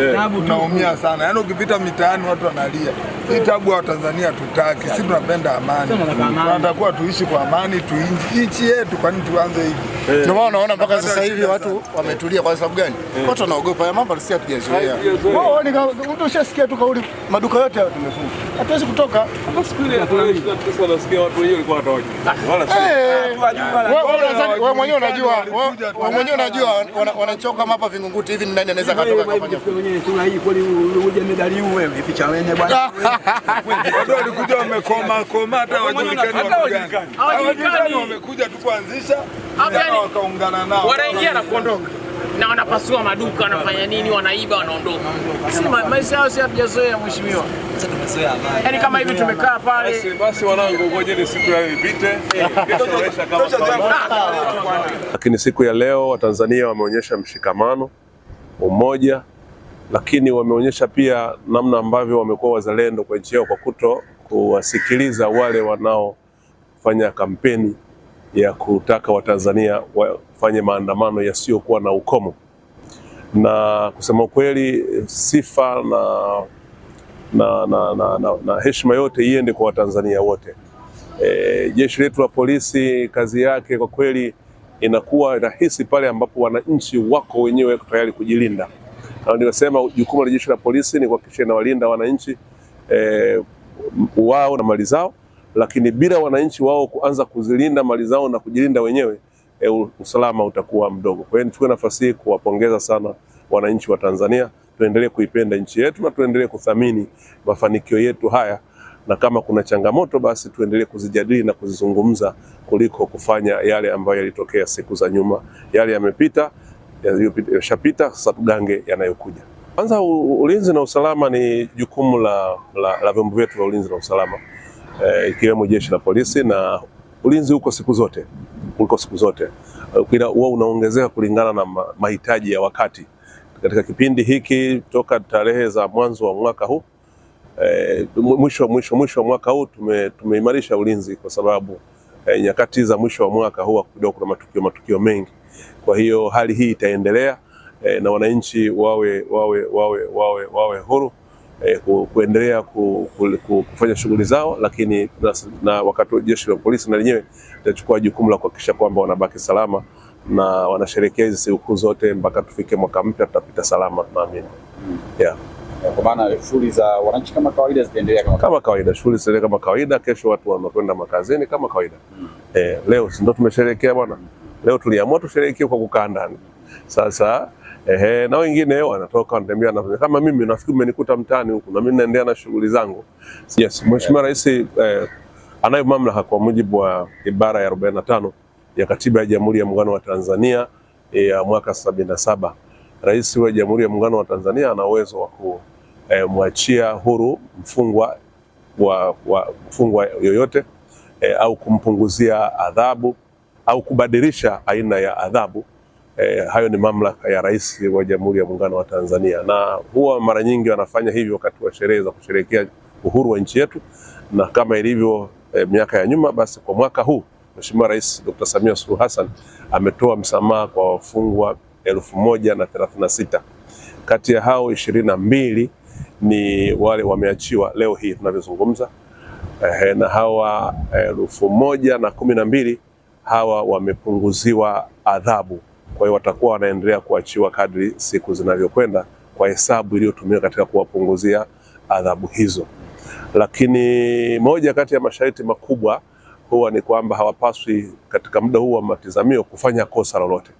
Eh, naumia sana yaani, ukipita mitaani watu wanalia hii tabu ya Watanzania tutaki, si tunapenda amani, tunatakuwa tuishi kwa amani nchi yetu, kwani tuanze hivi? Eh. Ndio maana unaona mpaka sasa hivi watu wametulia. Kwa sababu gani? Eh. Watu wanaogopa mambo sisi hatujazoea. Mtu ushasikia tu kauli, maduka yote yamefunga, hatuwezi kutoka. Ah, wewe mwenyewe unajua, wananchi hapa Vingunguti hivi ni nani anaweza katoka kafanya wenyewe sura hii kweli uje medali huu wewe bwana. koma hata wajulikani wamekuja tu kuanzisha hapa wakaungana nao. Wanaingia na kuondoka. Na wanapasua maduka, wanafanya nini, wanaiba, wanaondoka. Si maisha yao si hatujazoea mheshimiwa. Yaani kama hivi tumekaa pale. Basi basi wanangu, ngojeni siku yao ipite. Lakini siku ya leo Watanzania wameonyesha mshikamano, umoja lakini wameonyesha pia namna ambavyo wamekuwa wazalendo kwa nchi yao kwa kuto kuwasikiliza wale wanaofanya kampeni ya kutaka Watanzania wafanye maandamano yasiyokuwa na ukomo. Na kusema kweli, sifa na, na, na, na, na, na heshima yote iende kwa Watanzania wote. E, jeshi letu la polisi kazi yake kwa kweli inakuwa rahisi pale ambapo wananchi wako wenyewe tayari kujilinda. Nimesema jukumu la jeshi la polisi ni kuhakikisha inawalinda wananchi e, wao na mali zao, lakini bila wananchi wao kuanza kuzilinda mali zao na kujilinda wenyewe e, usalama utakuwa mdogo. Kwa hiyo nichukue nafasi hii kuwapongeza sana wananchi wa Tanzania. Tuendelee kuipenda nchi yetu na tuendelee kuthamini mafanikio yetu haya, na kama kuna changamoto basi tuendelee kuzijadili na kuzizungumza kuliko kufanya yale ambayo yalitokea siku za nyuma. Yale yamepita yashapita, sasa tugange yanayokuja. Kwanza, ulinzi na usalama ni jukumu la, la, la vyombo vyetu vya ulinzi na usalama e, ikiwemo jeshi la polisi na ulinzi uko siku zote, uko siku zote eh, huwa unaongezeka kulingana na mahitaji ya wakati. Katika kipindi hiki toka tarehe za mwanzo wa mwaka huu e, mwisho mwisho mwisho wa mwaka huu tume, tumeimarisha ulinzi kwa sababu e, nyakati za mwisho wa mwaka huwa kidogo kuna matukio matukio mengi. Kwa hiyo hali hii itaendelea e, na wananchi wawe, wawe, wawe, wawe, wawe huru e, ku, kuendelea ku, ku, ku, kufanya shughuli zao, lakini na, na wakati jeshi la polisi na lenyewe litachukua jukumu la kuhakikisha kwamba wanabaki salama na wanasherehekea hizi sikukuu zote mpaka tufike mwaka mpya, tutapita salama tunaamini, mm. yeah. Eh, kwa maana shughuli za wananchi kama kawaida zitaendelea kama, kawaida, kama kawaida, shughuli zitaendelea kama kawaida. Kesho watu wanakwenda makazini kama kawaida mm. Eh, leo si ndo tumesherehekea bwana hmm. Leo tuliamua tusherehekee kwa kukaa ndani sasa Ehe, na wengine wanatoka wanatembea na kama mimi nafikiri umenikuta mtaani huku na mimi naendelea na shughuli zangu. Yes, Mheshimiwa eh. Rais eh, anayo mamlaka kwa mujibu wa ibara ya 45 ya Katiba ya Jamhuri ya Muungano wa Tanzania eh, ya eh, mwaka 77. Rais wa Jamhuri ya Muungano wa Tanzania ana uwezo wa kuu e, mwachia huru mfungwa wa, wa mfungwa yoyote e, au kumpunguzia adhabu au kubadilisha aina ya adhabu e, hayo ni mamlaka ya Rais wa Jamhuri ya Muungano wa Tanzania, na huwa mara nyingi wanafanya hivyo wakati wa sherehe za kusherehekea uhuru wa nchi yetu, na kama ilivyo e, miaka ya nyuma, basi kwa mwaka huu Mheshimiwa Rais Dr. Samia Suluhu Hassan ametoa msamaha kwa wafungwa elfu moja na thelathini na sita kati ya hao ishirini na mbili ni wale wameachiwa leo hii tunavyozungumza. Eh, na hawa elfu eh, moja na kumi na mbili hawa wamepunguziwa adhabu, kwa hiyo watakuwa wanaendelea kuachiwa kadri siku zinavyokwenda kwa hesabu iliyotumika katika kuwapunguzia adhabu hizo. Lakini moja kati ya masharti makubwa huwa ni kwamba hawapaswi katika muda huu wa matizamio kufanya kosa lolote.